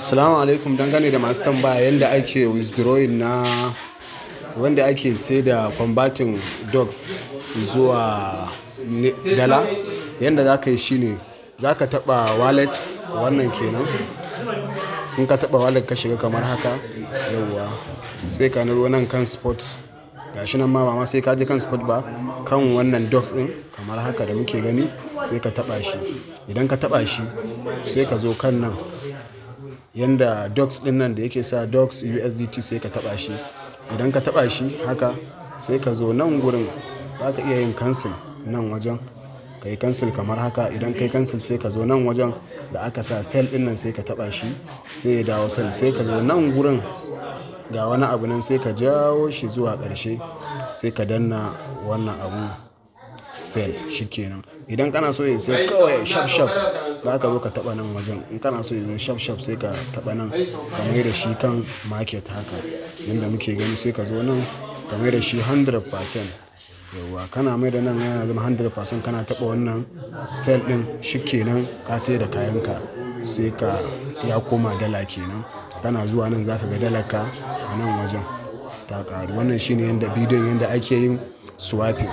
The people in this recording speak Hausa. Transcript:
Assalamu alaikum dangane da masu tambaya yadda ake withdrawing na wanda ake sai da combating dogs zuwa dala yadda za ka yi shine za ka taba wallet wannan kenan in ka taba wallet ka shiga kamar haka yauwa sai ka nan kan spot gashi nan ma ba sai ka je kan spot ba kan wannan dogs din kamar haka da muke gani sai ka taba shi idan ka taba shi sai ka zo kan nan yanda docs din nan da yake sa docs usdt sai ka taba shi idan ka taba shi haka sai ka zo nan gurin za ka iya yin cancel nan wajen ka yi cancel kamar haka idan ka yi cancel sai ka zo nan wajen da aka sa sel din nan sai ka taba shi sai ya dawo sel sai ka zo nan gurin ga wani abu nan sai ka jawo shi zuwa ƙarshe sai ka danna wannan abu shi shikenan idan kana so ya sai kawai shaf shaf za ka zo ka taba nan wajen in kana so ya shaf shaf sai ka taba nan ka mai da shi kan market haka yadda muke gani sai ka zo nan ka mai da shi 100% yawa kana mai da nan yana zama 100% kana taba wannan sel din shikenan ka sai da kayanka sai ka ya koma dala kenan kana zuwa nan za ka ga dalaka a nan wajen ta karu wannan shine yadda bidiyon yadda ake yin swapping